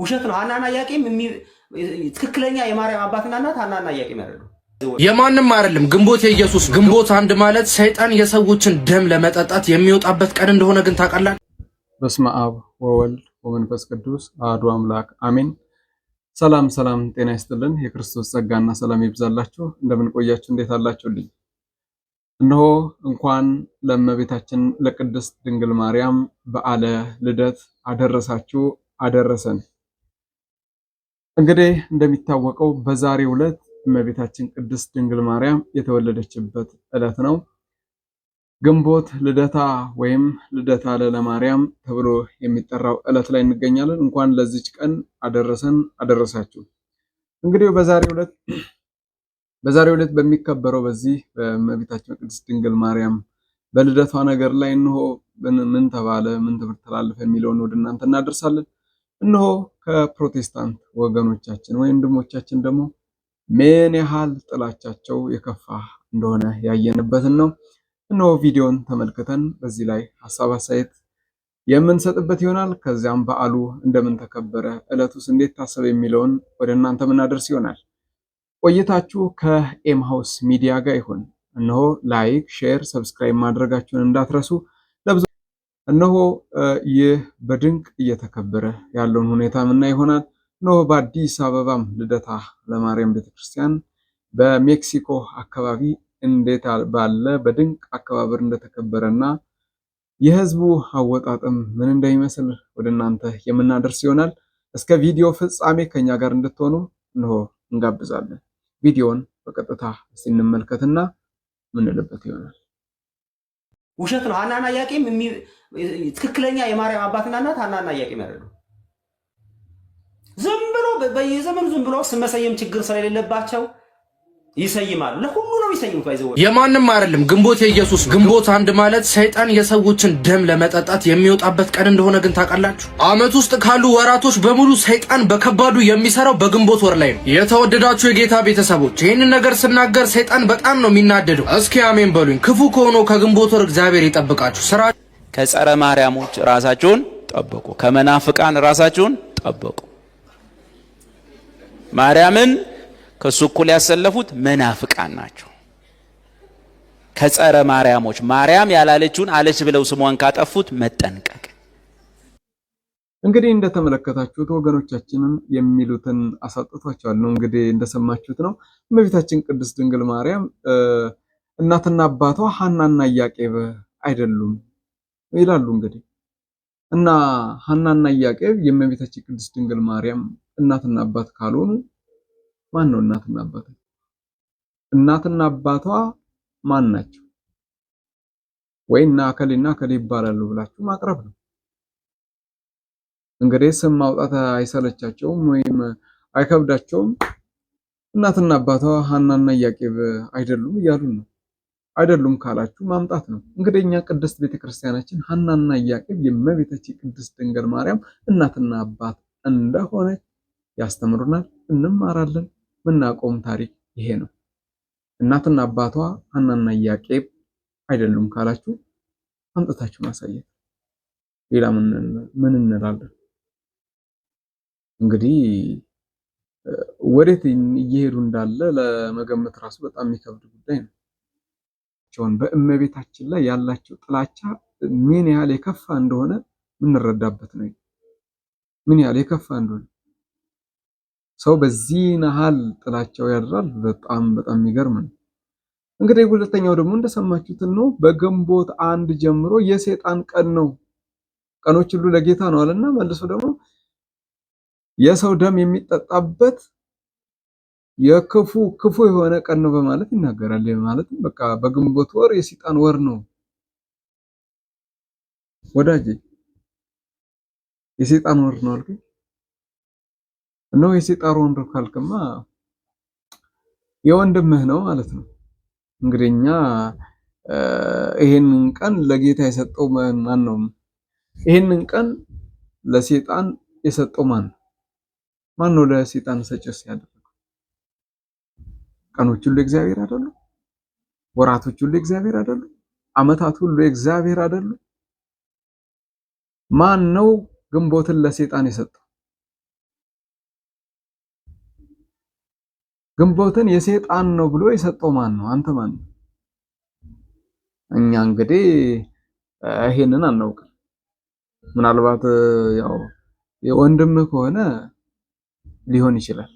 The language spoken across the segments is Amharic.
ውሸት ነው። ሀናና ኢያቄም ትክክለኛ የማርያም አባትና እናት ሀናና ኢያቄም ያደረገው የማንም አይደለም። ግንቦት የኢየሱስ ግንቦት አንድ ማለት ሰይጣን የሰዎችን ደም ለመጠጣት የሚወጣበት ቀን እንደሆነ ግን ታውቃላችሁ። በስመ አብ ወወልድ ወመንፈስ ቅዱስ አሐዱ አምላክ አሜን። ሰላም ሰላም፣ ጤና ይስጥልን። የክርስቶስ ጸጋና ሰላም ይብዛላችሁ። እንደምን ቆያችሁ እንዴት አላችሁልኝ? እነሆ እንኳን ለእመቤታችን ለቅድስት ድንግል ማርያም በዓለ ልደት አደረሳችሁ አደረሰን። እንግዲህ እንደሚታወቀው በዛሬው ዕለት እመቤታችን ቅድስት ድንግል ማርያም የተወለደችበት ዕለት ነው። ግንቦት ልደታ ወይም ልደታ ለለማርያም ተብሎ የሚጠራው ዕለት ላይ እንገኛለን። እንኳን ለዚች ቀን አደረሰን አደረሳችሁ። እንግዲህ በዛሬው ዕለት በዛሬው ዕለት በሚከበረው በዚህ በእመቤታችን ቅድስት ድንግል ማርያም በልደቷ ነገር ላይ እንሆ ምን ተባለ፣ ምን ትምህርት ተላለፈ የሚለውን ወደ እናንተ እናደርሳለን። እንሆ ከፕሮቴስታንት ወገኖቻችን ወይም ወንድሞቻችን ደግሞ ምን ያህል ጥላቻቸው የከፋ እንደሆነ ያየንበትን ነው። እነሆ ቪዲዮን ተመልክተን በዚህ ላይ ሀሳብ አሳየት የምንሰጥበት ይሆናል። ከዚያም በዓሉ እንደምን ተከበረ፣ ዕለቱስ እንዴት ታሰበ የሚለውን ወደ እናንተ ምናደርስ ይሆናል። ቆይታችሁ ከኤምሃውስ ሚዲያ ጋር ይሁን። እነሆ ላይክ፣ ሼር፣ ሰብስክራይብ ማድረጋችሁን እንዳትረሱ። እነሆ ይህ በድንቅ እየተከበረ ያለውን ሁኔታ ምና ይሆናል። እነሆ በአዲስ አበባም ልደታ ለማርያም ቤተክርስቲያን በሜክሲኮ አካባቢ እንዴት ባለ በድንቅ አከባበር እንደተከበረ እና የህዝቡ አወጣጥም ምን እንደሚመስል ወደ እናንተ የምናደርስ ይሆናል። እስከ ቪዲዮ ፍጻሜ ከኛ ጋር እንድትሆኑ እንሆ እንጋብዛለን። ቪዲዮን በቀጥታ ሲንመልከትና ምንልበት ይሆናል። ውሸት ነው። ሀናና ኢያቄም ትክክለኛ የማርያም አባትና እናት ሀናና ኢያቄም ያደሉ ዝም ብሎ በየዘመኑ ዝም ብሎ ስመሰየም ችግር ስለሌለባቸው ይሰይማል። ለሁሉ ነው ይሰይሙት። አይዘወ የማንም አይደለም ግንቦት የኢየሱስ ግንቦት አንድ ማለት ሰይጣን የሰዎችን ደም ለመጠጣት የሚወጣበት ቀን እንደሆነ ግን ታውቃላችሁ። አመት ውስጥ ካሉ ወራቶች በሙሉ ሰይጣን በከባዱ የሚሰራው በግንቦት ወር ላይ ነው። የተወደዳችሁ የጌታ ቤተሰቦች ይህንን ነገር ስናገር ሰይጣን በጣም ነው የሚናደደው። እስኪ አሜን በሉኝ። ክፉ ከሆነው ከግንቦት ወር እግዚአብሔር ይጠብቃችሁ። ስራ ከጸረ ማርያሞች ራሳችሁን ጠብቁ፣ ከመናፍቃን ራሳችሁን ጠብቁ። ማርያምን ከእሱ እኩል ያሰለፉት መናፍቃን ናቸው። ከጸረ ማርያሞች ማርያም ያላለችውን አለች ብለው ስሟን ካጠፉት መጠንቀቅ። እንግዲህ እንደተመለከታችሁት ወገኖቻችንም የሚሉትን አሳጥቷቸዋል ነው። እንግዲህ እንደሰማችሁት ነው። እመቤታችን ቅድስት ድንግል ማርያም እናትና አባቷ ሀናና እያቄብ አይደሉም ይላሉ። እንግዲህ እና ሀናና እያቄብ የእመቤታችን ቅድስት ድንግል ማርያም እናትና አባት ካልሆኑ ማን ነው እናትና አባቷ? እናትና አባቷ ማን ናቸው? ወይ እና ከሌና ከሌ ይባላሉ ብላችሁ ማቅረብ ነው። እንግዲህ ስም ማውጣት አይሰለቻቸውም ወይም አይከብዳቸውም። እናትና አባቷ ሀናና ኢያቄም አይደሉም እያሉ ነው። አይደሉም ካላችሁ ማምጣት ነው። እንግዲህ እኛ ቅድስት ቤተክርስቲያናችን ሀናና ኢያቄም የእመቤታችን ቅድስት ድንግል ማርያም እናትና አባት እንደሆነ ያስተምሩናል፣ እንማራለን። የምናውቀውም ታሪክ ይሄ ነው። እናትና አባቷ ሐናና ኢያቄም አይደሉም ካላችሁ አምጥታችሁ ማሳየት ሌላ ምን እንላለን? እንግዲህ ወዴት እየሄዱ እንዳለ ለመገመት ራሱ በጣም የሚከብድ ጉዳይ ነው። በእመቤታችን ላይ ያላቸው ጥላቻ ምን ያህል የከፋ እንደሆነ የምንረዳበት ነው። ምን ያህል የከፋ እንደሆነ ሰው በዚህ ነሃል ጥላቻው ያድራል። በጣም በጣም የሚገርም ነው። እንግዲህ ሁለተኛው ደግሞ እንደሰማችሁት ነው። በግንቦት አንድ ጀምሮ የሰይጣን ቀን ነው። ቀኖች ሁሉ ለጌታ ነው አለና መልሶ ደግሞ የሰው ደም የሚጠጣበት የክፉ ክፉ የሆነ ቀን ነው በማለት ይናገራል። ማለትም በቃ በግንቦት ወር የሰይጣን ወር ነው ወዳጄ፣ የሰይጣን ወር ነው አልኩኝ። እነሆ የሲጣር ወንድም ካልክማ የወንድምህ ነው ማለት ነው። እንግዲህ እኛ ይሄንን ቀን ለጌታ የሰጠው ማን ነው? ይሄንን ቀን ለሴጣን የሰጠው ማን ነው? ማን ነው ለሴጣን ሰጭስ ያደረገው? ቀኖች ሁሉ እግዚአብሔር አይደሉ? ወራቶች ሁሉ እግዚአብሔር አይደሉ? አመታት ሁሉ እግዚአብሔር አይደሉ? ማን ነው ግንቦትን ለሴጣን የሰጠው? ግንቦትን የሰይጣን ነው ብሎ የሰጠው ማን ነው? አንተ ማን ነው? እኛ እንግዲህ ይሄንን አናውቅም። ምናልባት ያው የወንድምህ ከሆነ ሊሆን ይችላል።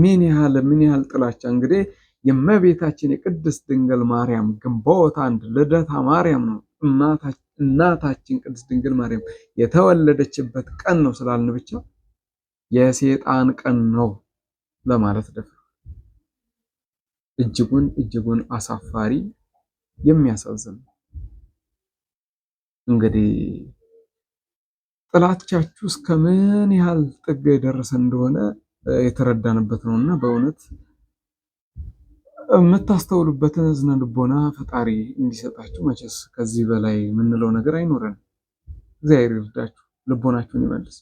ምን ያህል ምን ያህል ጥላቻ እንግዲህ የእመቤታችን የቅድስት ድንግል ማርያም ግንቦት አንድ ልደታ ማርያም ነው እናታችን ቅድስት ድንግል ማርያም የተወለደችበት ቀን ነው ስላልን ብቻ የሰይጣን ቀን ነው ለማለት ደፍ እጅጉን እጅጉን አሳፋሪ የሚያሳዝን እንግዲህ ጥላቻችሁ ምን ያህል ጥግ የደረሰ እንደሆነ የተረዳንበት ነው እና በእውነት የምታስተውሉበትን እዝነ ልቦና ፈጣሪ እንዲሰጣችሁ። መቼስ ከዚህ በላይ የምንለው ነገር አይኖረንም። እግዚአብሔር ይርዳችሁ፣ ልቦናችሁን ይመልስ።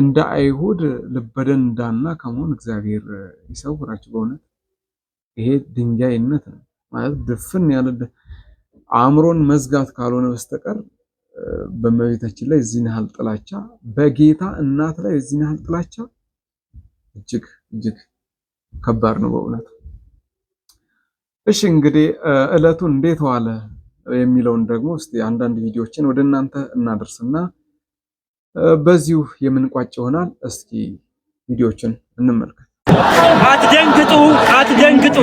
እንደ አይሁድ ልበደንዳና ከመሆን እግዚአብሔር ይሰውራችሁ። በእውነት ይሄ ድንጋይነት ነው ማለት ድፍን ያለ አእምሮን መዝጋት ካልሆነ በስተቀር በመቤታችን ላይ እዚህን ያህል ጥላቻ፣ በጌታ እናት ላይ እዚህን ያህል ጥላቻ እጅግ እጅግ ከባድ ነው በእውነት። እሺ እንግዲህ እለቱ እንዴት ዋለ የሚለውን ደግሞ እስቲ አንዳንድ ቪዲዮዎችን ወደ እናንተ እናደርስና በዚሁ የምንቋጭ ይሆናል። እስኪ ቪዲዮችን እንመልከት። አትደንግጡ፣ አትደንግጡ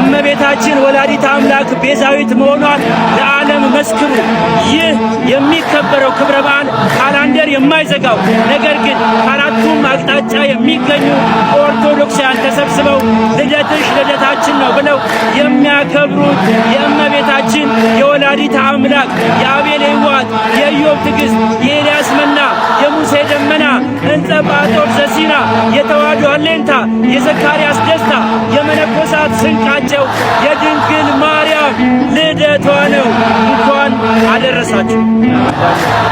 እመቤታችን ወላዲት አምላክ ቤዛዊት መሆኗን ለዓለም መስክሩ። ይህ የሚከበረው ክብረ በዓል የማይዘጋው ነገር ግን አራቱም አቅጣጫ የሚገኙ ኦርቶዶክሳውያን ተሰብስበው ልደትሽ ልደታችን ነው ብለው የሚያከብሩት የእመቤታችን የወላዲት አምላክ የአቤል ሕይወት፣ የኢዮብ ትዕግሥት፣ የኤልያስ መና፣ የሙሴ ደመና፣ እንጸባጦር ዘሲና፣ የተዋህዶ አሌንታ፣ የዘካርያስ ደስታ፣ የመነኮሳት ስንቃቸው፣ የድንግል ማርያም ልደቷ ነው። እንኳን አደረሳችሁ።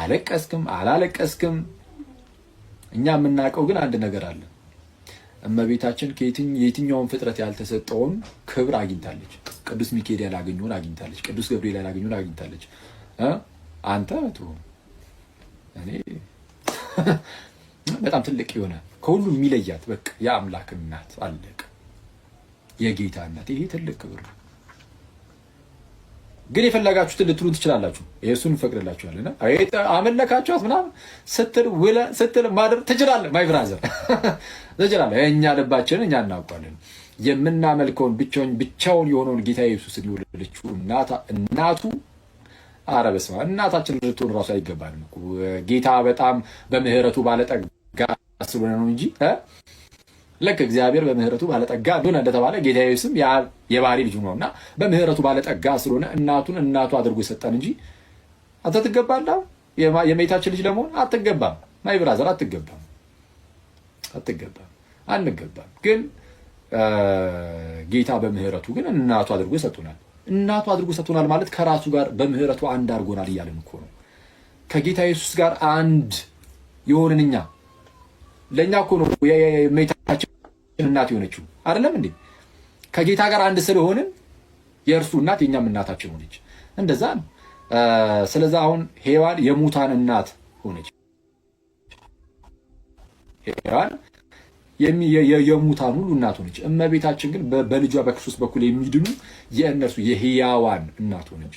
አለቀስክም አላለቀስክም እኛ የምናውቀው ግን አንድ ነገር አለ። እመቤታችን የትኛውን ፍጥረት ያልተሰጠውን ክብር አግኝታለች። ቅዱስ ሚካኤል ያላገኘውን አግኝታለች። ቅዱስ ገብርኤል ያላገኘውን አግኝታለች። አንተ እኔ በጣም ትልቅ የሆነ ከሁሉም የሚለያት በቃ የአምላክ እናት አለቅ የጌታ እናት ይሄ ትልቅ ክብር ነው። ግን የፈለጋችሁትን ልትሉ ትችላላችሁ። እሱን እንፈቅድላችኋልና አመለካችኋት ምናምን ስትል ውለ ስትል ማድር ትችላለህ። ማይ ብራዘር ትችላለህ። እኛ ልባችንን እኛ እናውቋለን። የምናመልከውን ብቻውን ብቻውን የሆነውን ጌታ ኢየሱስን የወለደችው እናቱ ኧረ በስመ አብ እናታችን ልትሆን እራሱ አይገባንም። ጌታ በጣም በምህረቱ ባለጠጋ ስለሆነ ነው እንጂ ልክ እግዚአብሔር በምህረቱ ባለጠጋ እንደሆነ እንደተባለ ጌታ ኢየሱስም የባህሪ ልጁ ነው እና በምህረቱ ባለጠጋ ስለሆነ እናቱን እናቱ አድርጎ የሰጠን እንጂ አንተ ትገባለህ ልጅ ለመሆን አትገባም። ማይ ብራዘር አትገባም፣ አትገባም፣ አንገባም። ግን ጌታ በምህረቱ ግን እናቱ አድርጎ ይሰጡናል። እናቱ አድርጎ ይሰጡናል ማለት ከራሱ ጋር በምህረቱ አንድ አድርጎናል እያለን እኮ ነው። ከጌታ ኢየሱስ ጋር አንድ የሆንን እኛ ለእኛ እኮ ነው የእመቤታችን እናት የሆነችው አይደለም እንዴ? ከጌታ ጋር አንድ ስለሆንን የእርሱ እናት የእኛም እናታችን ሆነች። እንደዛ ነው። ስለዚ አሁን ሔዋን የሙታን እናት ሆነች። ሔዋን የሙታን ሁሉ እናት ሆነች። እመቤታችን ግን በልጇ በክርስቶስ በኩል የሚድኑ የእነርሱ የህያዋን እናት ሆነች።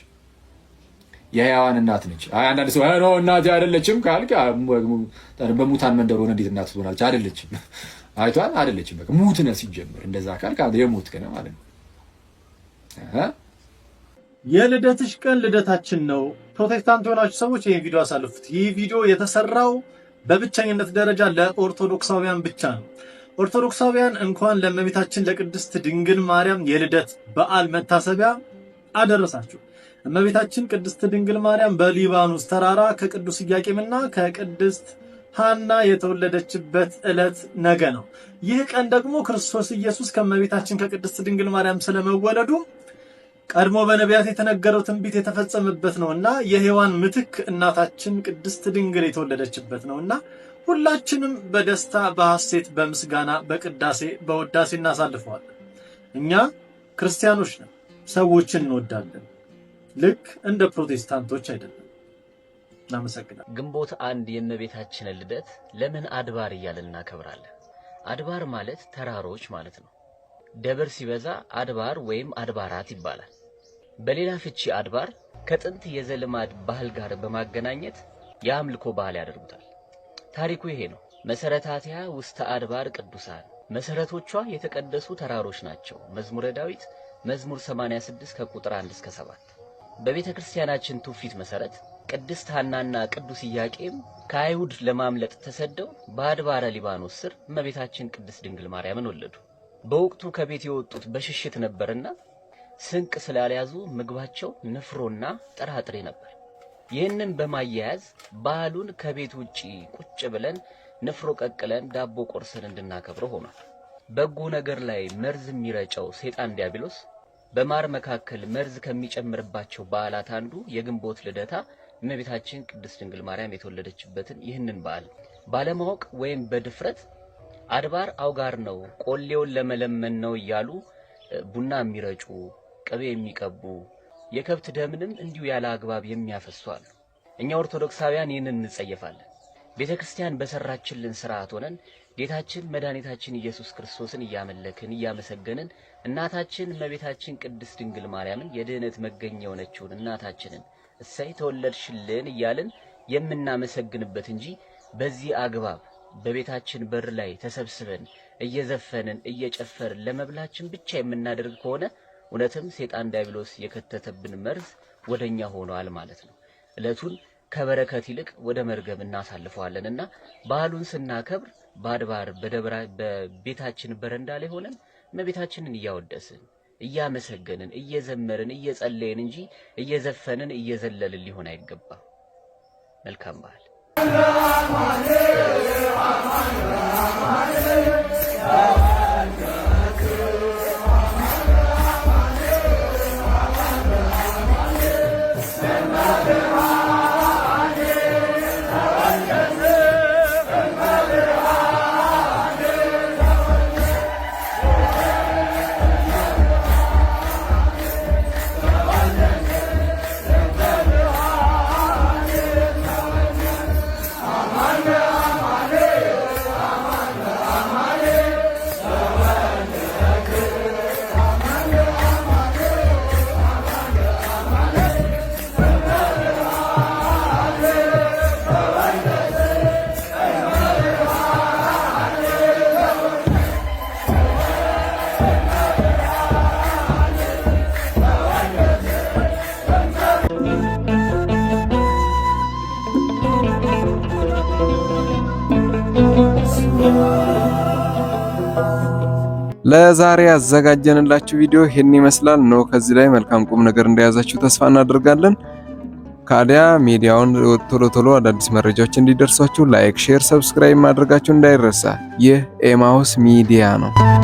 የሕያዋን እናት ነች። አንዳንድ ሰው ኖ እናት አይደለችም ካልክ በሙታን መንደር ሆነ እንዴት እናት ትሆናለች? አይደለችም። አይቷን አይደለችም። በቃ ሙት ነህ ሲጀምር እንደዛ ካልክ የሞት ከነ ማለት ነው። የልደትሽ ቀን ልደታችን ነው። ፕሮቴስታንት የሆናችሁ ሰዎች ይህ ቪዲዮ አሳልፉት። ይህ ቪዲዮ የተሰራው በብቸኝነት ደረጃ ለኦርቶዶክሳውያን ብቻ ነው። ኦርቶዶክሳውያን እንኳን ለእመቤታችን ለቅድስት ድንግል ማርያም የልደት በዓል መታሰቢያ አደረሳችሁ። እመቤታችን ቅድስት ድንግል ማርያም በሊባኖስ ተራራ ከቅዱስ ኢያቄምና ከቅድስት ሐና የተወለደችበት ዕለት ነገ ነው። ይህ ቀን ደግሞ ክርስቶስ ኢየሱስ ከእመቤታችን ከቅድስት ድንግል ማርያም ስለመወለዱ ቀድሞ በነቢያት የተነገረው ትንቢት የተፈጸመበት ነውና የሔዋን ምትክ እናታችን ቅድስት ድንግል የተወለደችበት ነውና ሁላችንም በደስታ በሐሴት፣ በምስጋና፣ በቅዳሴ፣ በወዳሴ እናሳልፈዋለን። እኛ ክርስቲያኖች ነን፣ ሰዎችን እንወዳለን። ልክ እንደ ፕሮቴስታንቶች አይደለም። እናመሰግናል። ግንቦት አንድ የእመቤታችንን ልደት ለምን አድባር እያልን እናከብራለን? አድባር ማለት ተራሮች ማለት ነው። ደብር ሲበዛ አድባር ወይም አድባራት ይባላል። በሌላ ፍቺ አድባር ከጥንት የዘልማድ ባህል ጋር በማገናኘት የአምልኮ ባህል ያደርጉታል። ታሪኩ ይሄ ነው። መሰረታቲያ ውስተ አድባር ቅዱሳን፣ መሰረቶቿ የተቀደሱ ተራሮች ናቸው። መዝሙረ ዳዊት መዝሙር 86 ከቁጥር 1 እስከ 7 በቤተ ክርስቲያናችን ትውፊት መሰረት ቅድስት ሐናና ቅዱስ ኢያቄም ከአይሁድ ለማምለጥ ተሰደው በአድባረ ሊባኖስ ስር እመቤታችን ቅድስት ድንግል ማርያምን ወለዱ። በወቅቱ ከቤት የወጡት በሽሽት ነበርና ስንቅ ስላልያዙ ምግባቸው ንፍሮና ጥራጥሬ ነበር። ይህንን በማያያዝ ባህሉን ከቤት ውጪ ቁጭ ብለን ንፍሮ ቀቅለን ዳቦ ቆርሰን እንድናከብረው ሆኗል። በጎ ነገር ላይ መርዝ የሚረጨው ሴጣን ዲያብሎስ በማር መካከል መርዝ ከሚጨምርባቸው በዓላት አንዱ የግንቦት ልደታ እመቤታችን ቅድስት ድንግል ማርያም የተወለደችበትን ይህንን በዓል ባለማወቅ ወይም በድፍረት አድባር አውጋር ነው ቆሌውን ለመለመን ነው እያሉ ቡና የሚረጩ፣ ቅቤ የሚቀቡ፣ የከብት ደምንም እንዲሁ ያለ አግባብ የሚያፈሱ አሉ። እኛ ኦርቶዶክሳውያን ይህንን እንጸየፋለን። ቤተ ክርስቲያን በሰራችልን ስርዓት ሆነን ጌታችን መድኃኒታችን ኢየሱስ ክርስቶስን እያመለክን እያመሰገንን እናታችን እመቤታችን ቅድስት ድንግል ማርያምን የድኅነት መገኛ የሆነችውን እናታችንን እሰይ ተወለድሽልን እያልን የምናመሰግንበት እንጂ በዚህ አግባብ በቤታችን በር ላይ ተሰብስበን እየዘፈንን እየጨፈርን ለመብላችን ብቻ የምናደርግ ከሆነ እውነትም ሴጣን ዲያብሎስ የከተተብን መርዝ ወደኛ ሆኗል ማለት ነው። እለቱን ከበረከት ይልቅ ወደ መርገም እናሳልፈዋለንና ባህሉን ስናከብር በአድባር በደብራ በቤታችን በረንዳ ላይ ሆነን እመቤታችንን እያወደስን እያመሰገንን እየዘመርን እየጸለይን እንጂ እየዘፈንን እየዘለልን ሊሆን አይገባም። መልካም በዓል። ለዛሬ ያዘጋጀንላችሁ ቪዲዮ ይህን ይመስላል ነው። ከዚህ ላይ መልካም ቁም ነገር እንደያዛችሁ ተስፋ እናደርጋለን። ካዲያ ሚዲያውን ቶሎ ቶሎ አዳዲስ መረጃዎች እንዲደርሷችሁ ላይክ፣ ሼር፣ ሰብስክራይብ ማድረጋችሁ እንዳይረሳ። ይህ ኤማውስ ሚዲያ ነው።